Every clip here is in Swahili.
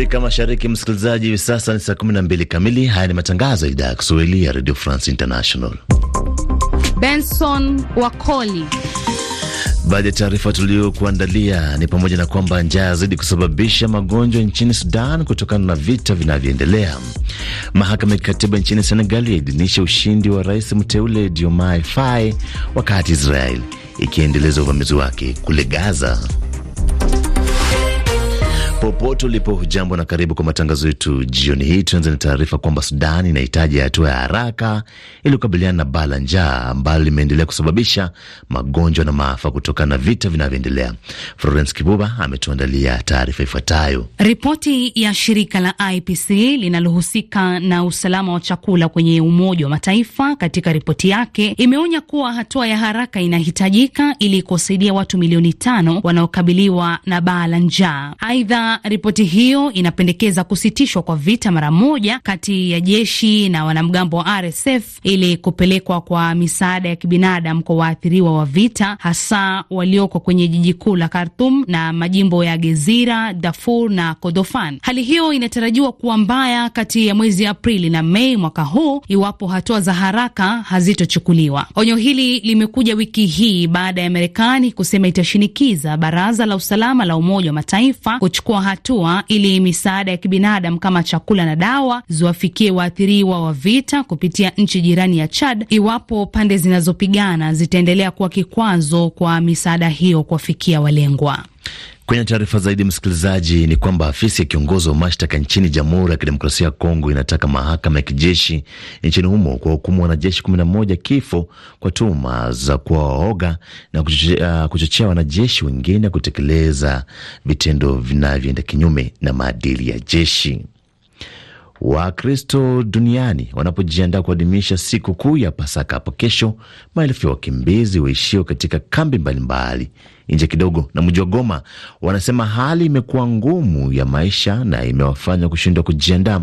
Afrika Mashariki, msikilizaji, hivi sasa ni saa 12 kamili. Haya ni matangazo ya idhaa ya Kiswahili ya Radio France International. Benson Wakoli. Baadhi ya taarifa tuliyokuandalia ni pamoja na kwamba njaa yazidi kusababisha magonjwa nchini Sudan kutokana na vita vinavyoendelea. Mahakama ya kikatiba nchini Senegal yaidhinisha ushindi wa rais mteule Diomaye Faye, wakati Israel ikiendeleza uvamizi wake kule Gaza. Popote ulipo hujambo na karibu kwa matangazo yetu jioni hii. Tuanze na taarifa kwamba Sudan inahitaji hatua ya haraka ili kukabiliana na baa la njaa ambalo limeendelea kusababisha magonjwa na maafa kutokana na vita vinavyoendelea. Florence Kibuba ametuandalia taarifa ifuatayo. Ripoti ya shirika la IPC linalohusika na usalama wa chakula kwenye Umoja wa Mataifa, katika ripoti yake imeonya kuwa hatua ya haraka inahitajika ili kuwasaidia watu milioni tano wanaokabiliwa na baa la njaa. Aidha, ripoti hiyo inapendekeza kusitishwa kwa vita mara moja kati ya jeshi na wanamgambo wa RSF ili kupelekwa kwa misaada ya kibinadamu kwa waathiriwa wa vita, hasa walioko kwenye jiji kuu la khartum na majimbo ya Gezira, Darfur na Kordofan. Hali hiyo inatarajiwa kuwa mbaya kati ya mwezi Aprili na Mei mwaka huu iwapo hatua za haraka hazitochukuliwa. Onyo hili limekuja wiki hii baada ya Marekani kusema itashinikiza Baraza la Usalama la Umoja wa Mataifa kuchukua kuchukua hatua ili misaada ya kibinadamu kama chakula na dawa ziwafikie waathiriwa wa vita kupitia nchi jirani ya Chad iwapo pande zinazopigana zitaendelea kuwa kikwazo kwa misaada hiyo kuwafikia walengwa. Kwenye taarifa zaidi, msikilizaji, ni kwamba afisi ya kiongozi wa mashtaka nchini Jamhuri ya Kidemokrasia ya Kongo inataka mahakama ya kijeshi nchini humo kuwahukumu wanajeshi 11 kifo kwa tuhuma za kuwaoga na uh, kuchochea wanajeshi wengine kutekeleza vitendo vinavyoenda kinyume na maadili ya jeshi. Wakristo duniani wanapojiandaa kuadhimisha siku kuu ya Pasaka hapo kesho, maelfu ya wakimbizi waishio katika kambi mbalimbali nje kidogo na mji wa Goma wanasema hali imekuwa ngumu ya maisha na imewafanya kushindwa kujiandaa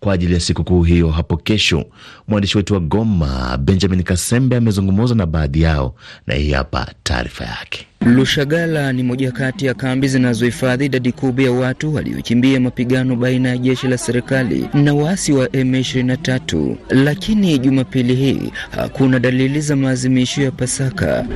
kwa ajili ya sikukuu hiyo hapo kesho. Mwandishi wetu wa Goma, Benjamin Kasembe, amezungumza na baadhi yao na hii hapa taarifa yake. Lushagala ni moja kati ya kambi zinazohifadhi idadi kubwa ya watu waliokimbia mapigano baina ya jeshi la serikali na waasi wa M23, lakini Jumapili hii hakuna dalili za maazimisho ya Pasaka.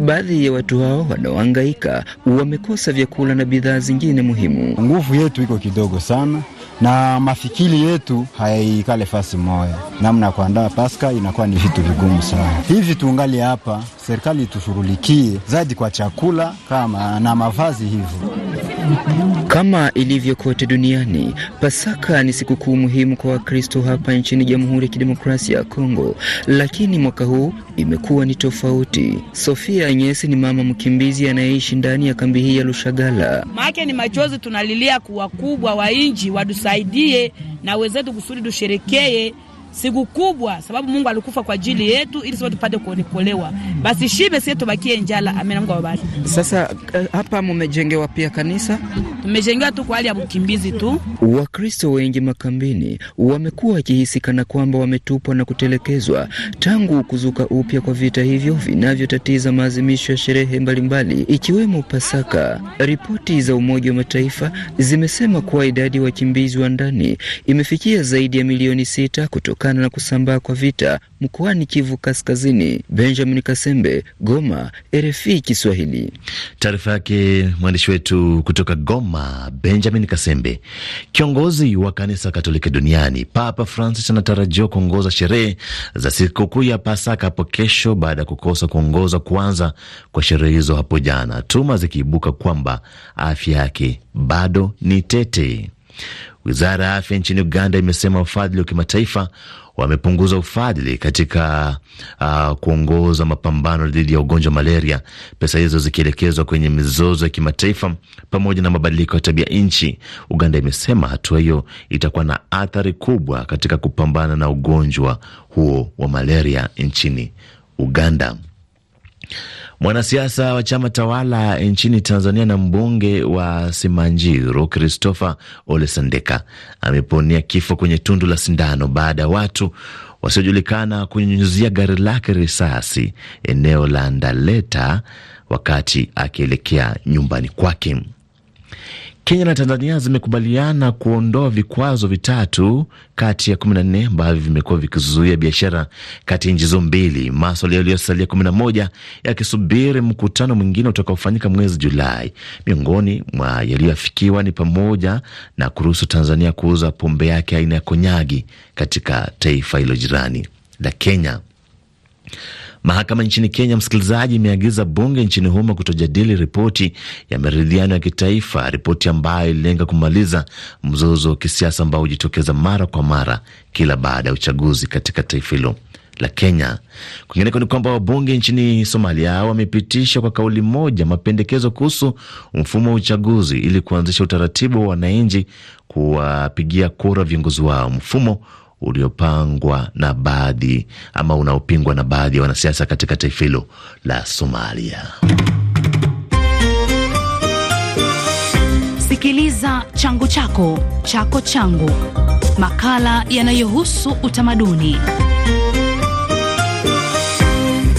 Baadhi ya watu hao wanaohangaika wamekosa vyakula na bidhaa zingine muhimu. Nguvu yetu iko kidogo sana na mafikiri yetu hayaikale fasi moya. Namna ya kuandaa Paska inakuwa ni vitu vigumu sana. Hivi tuungali hapa, serikali itushughulikie zaidi kwa chakula kama na mavazi hivyo kama ilivyo kote duniani, Pasaka ni sikukuu muhimu kwa Wakristo hapa nchini Jamhuri ya Kidemokrasia ya Kongo, lakini mwaka huu imekuwa ni tofauti. Sofia nyesi ni mama mkimbizi anayeishi ndani ya kambi hii ya Lushagala. make ni machozi tunalilia kuwakubwa wa inji wadusaidie na wezetu kusudi tusherekee siku kubwa, sababu Mungu alikufa kwa ajili yetu ili sote tupate kuokolewa. Basi shibe sisi tubakie njala. Amina, Mungu awabariki. Sasa eh, hapa mumejengewa pia kanisa? Tumejengewa tu kwa hali ya mkimbizi tu. Wakristo wengi makambini wamekuwa wakihisi kana kwamba wametupwa na kutelekezwa tangu kuzuka upya kwa vita hivyo vinavyotatiza maadhimisho ya sherehe mbalimbali ikiwemo Pasaka. Ripoti za Umoja wa Mataifa zimesema kuwa idadi ya wakimbizi wa ndani imefikia zaidi ya milioni sita kutoka kutokana na kusambaa kwa vita mkoani Kivu Kaskazini. Benjamin Kasembe, Goma, RFI Kiswahili. Taarifa yake mwandishi wetu kutoka Goma, Benjamin Kasembe. Kiongozi wa kanisa Katoliki duniani Papa Francis anatarajiwa kuongoza sherehe za sikukuu ya Pasaka hapo kesho baada ya kukosa kuongoza kuanza kwa sherehe hizo hapo jana, tuma zikiibuka kwamba afya yake bado ni tete. Wizara ya afya nchini Uganda imesema ufadhili wa kimataifa wamepunguza ufadhili katika uh, kuongoza mapambano dhidi ya ugonjwa wa malaria, pesa hizo zikielekezwa kwenye mizozo ya kimataifa pamoja na mabadiliko ya tabia nchi. Uganda imesema hatua hiyo itakuwa na athari kubwa katika kupambana na ugonjwa huo wa malaria nchini Uganda. Mwanasiasa wa chama tawala nchini Tanzania na mbunge wa Simanjiro Christopher Ole Sendeka kifo kwenye tundu la sindano baada ya watu wasiojulikana kunyunyuzia gari lake risasi eneo la Ndaleta wakati akielekea nyumbani kwake. Kenya na Tanzania zimekubaliana kuondoa vikwazo vitatu kati ya 14 ambavyo vimekuwa vikizuia biashara kati ya nchi hizo mbili, maswali yaliyosalia 11 yakisubiri mkutano mwingine utakaofanyika mwezi Julai. Miongoni mwa yaliyoafikiwa ni pamoja na kuruhusu Tanzania kuuza pombe yake aina ya konyagi katika taifa hilo jirani la Kenya. Mahakama nchini Kenya, msikilizaji, imeagiza bunge nchini humo kutojadili ripoti ya maridhiano ya kitaifa, ripoti ambayo ililenga kumaliza mzozo wa kisiasa ambao hujitokeza mara kwa mara kila baada ya uchaguzi katika taifa hilo la Kenya. Kwingineko ni kwamba wabunge nchini Somalia wamepitisha kwa kauli moja mapendekezo kuhusu mfumo wa uchaguzi ili kuanzisha utaratibu wa wananchi kuwapigia kura viongozi wao, mfumo uliopangwa na baadhi ama unaopingwa na baadhi ya wanasiasa katika taifa hilo la Somalia. Sikiliza changu chako chako changu, makala yanayohusu utamaduni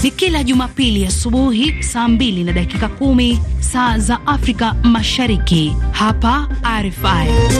ni kila Jumapili asubuhi saa 2 na dakika 10 saa za Afrika Mashariki, hapa RFI.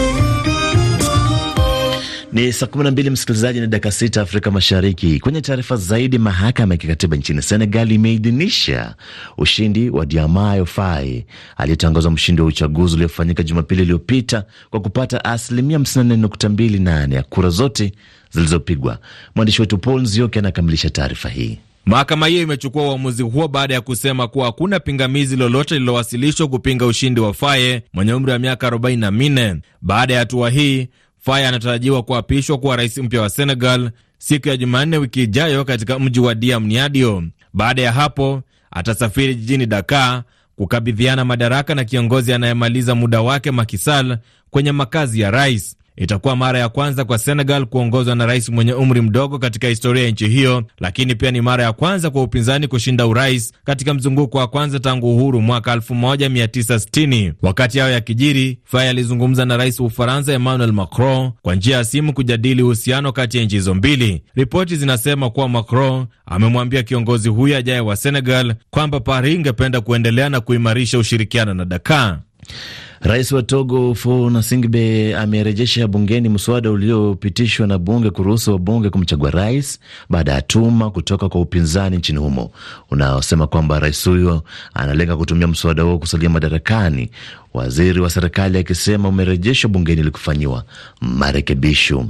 Ni saa 12 msikilizaji, na dakika sita Afrika Mashariki. Kwenye taarifa zaidi, mahakama ya kikatiba nchini Senegal imeidhinisha ushindi wa Diomaye Faye aliyetangazwa mshindi wa uchaguzi uliofanyika Jumapili iliyopita kwa kupata asilimia 54.28 ya kura zote zilizopigwa. Mwandishi wetu Paul Nzioki anakamilisha taarifa hii. Mahakama hiyo imechukua uamuzi huo baada ya kusema kuwa hakuna pingamizi lolote lililowasilishwa kupinga ushindi wa Faye mwenye umri wa miaka 44. Baada ya hatua hii, Faye anatarajiwa kuapishwa kuwa rais mpya wa Senegal siku ya Jumanne wiki ijayo katika mji wa Diamniadio. Baada ya hapo atasafiri jijini Dakar kukabidhiana madaraka na kiongozi anayemaliza muda wake makisal kwenye makazi ya rais. Itakuwa mara ya kwanza kwa Senegal kuongozwa na rais mwenye umri mdogo katika historia ya nchi hiyo, lakini pia ni mara ya kwanza kwa upinzani kushinda urais katika mzunguko wa kwanza tangu uhuru mwaka 1960. Wakati hayo yakijiri, Faye alizungumza na rais wa Ufaransa Emmanuel Macron kwa njia ya simu kujadili uhusiano kati ya nchi hizo mbili. Ripoti zinasema kuwa Macron amemwambia kiongozi huyo ajaye wa Senegal kwamba Paris ingependa kuendelea na kuimarisha ushirikiano na Dakar. Rais wa Togo Faure Gnassingbe amerejesha bungeni mswada uliopitishwa na bunge kuruhusu wabunge kumchagua rais baada ya tuma kutoka kwa upinzani nchini humo unaosema kwamba rais huyo analenga kutumia mswada huo kusalia madarakani, waziri wa serikali akisema umerejeshwa bungeni ili kufanyiwa marekebisho.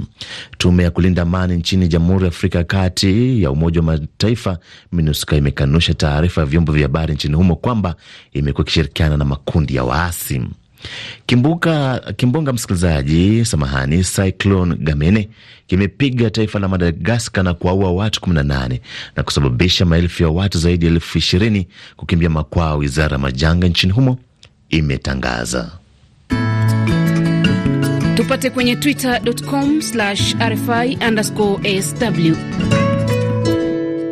Tume ya kulinda amani nchini Jamhuri ya Afrika ya Kati ya Umoja wa Mataifa MINUSCA imekanusha taarifa ya vyombo vya habari nchini humo kwamba imekuwa ikishirikiana na makundi ya waasi. Kimbuka, kimbunga msikilizaji, samahani, Cyclone Gamene kimepiga taifa la Madagaskar na kuwaua watu 18 na kusababisha maelfu ya watu zaidi ya elfu ishirini kukimbia makwao, wizara ya majanga nchini humo imetangaza. Tupate kwenye twitter.com RFI underscore sw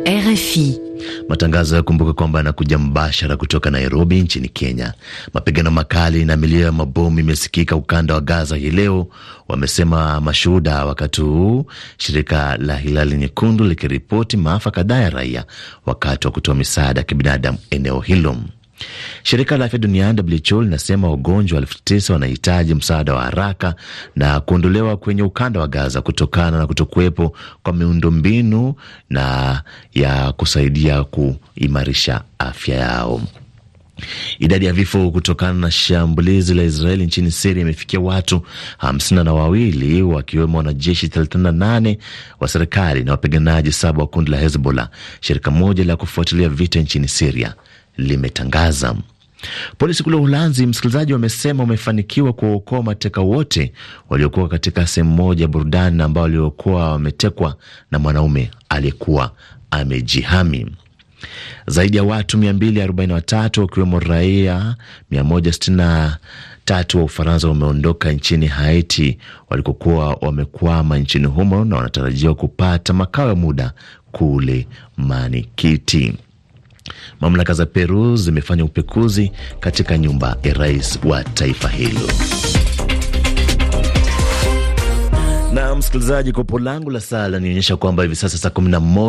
RFI Matangazo yakumbuka kwamba yanakuja mbashara kutoka Nairobi nchini Kenya. Mapigano makali na milio ya mabomu imesikika ukanda wa Gaza hii leo, wamesema mashuhuda, wakati huu shirika la Hilali Nyekundu likiripoti maafa kadhaa ya raia wakati wa kutoa misaada ya kibinadamu eneo hilo. Shirika la afya duniani WHO linasema wagonjwa elfu tisa wanahitaji msaada wa haraka na kuondolewa kwenye ukanda wa Gaza kutokana na kutokuwepo kwa miundombinu na ya kusaidia kuimarisha afya yao. Idadi ya vifo kutokana na shambulizi la Israeli nchini Siria imefikia watu hamsini na wawili wakiwemo wanajeshi 38 wa serikali na wapiganaji saba wa kundi la Hezbollah, shirika moja la kufuatilia vita nchini Siria limetangaza. Polisi kule Uholanzi, msikilizaji, wamesema wamefanikiwa kuwaokoa mateka wote waliokuwa katika sehemu moja burudani ambao waliokuwa wametekwa na mwanaume aliyekuwa amejihami. Zaidi ya watu 243 wakiwemo raia 163 wa Ufaransa wameondoka nchini Haiti walikokuwa wamekwama nchini humo na wanatarajiwa kupata makao ya muda kule Manikiti. Mamlaka za Peru zimefanya upekuzi katika nyumba ya rais wa taifa hilo. Na msikilizaji, kopo langu la saa lanionyesha kwamba hivi sasa saa 11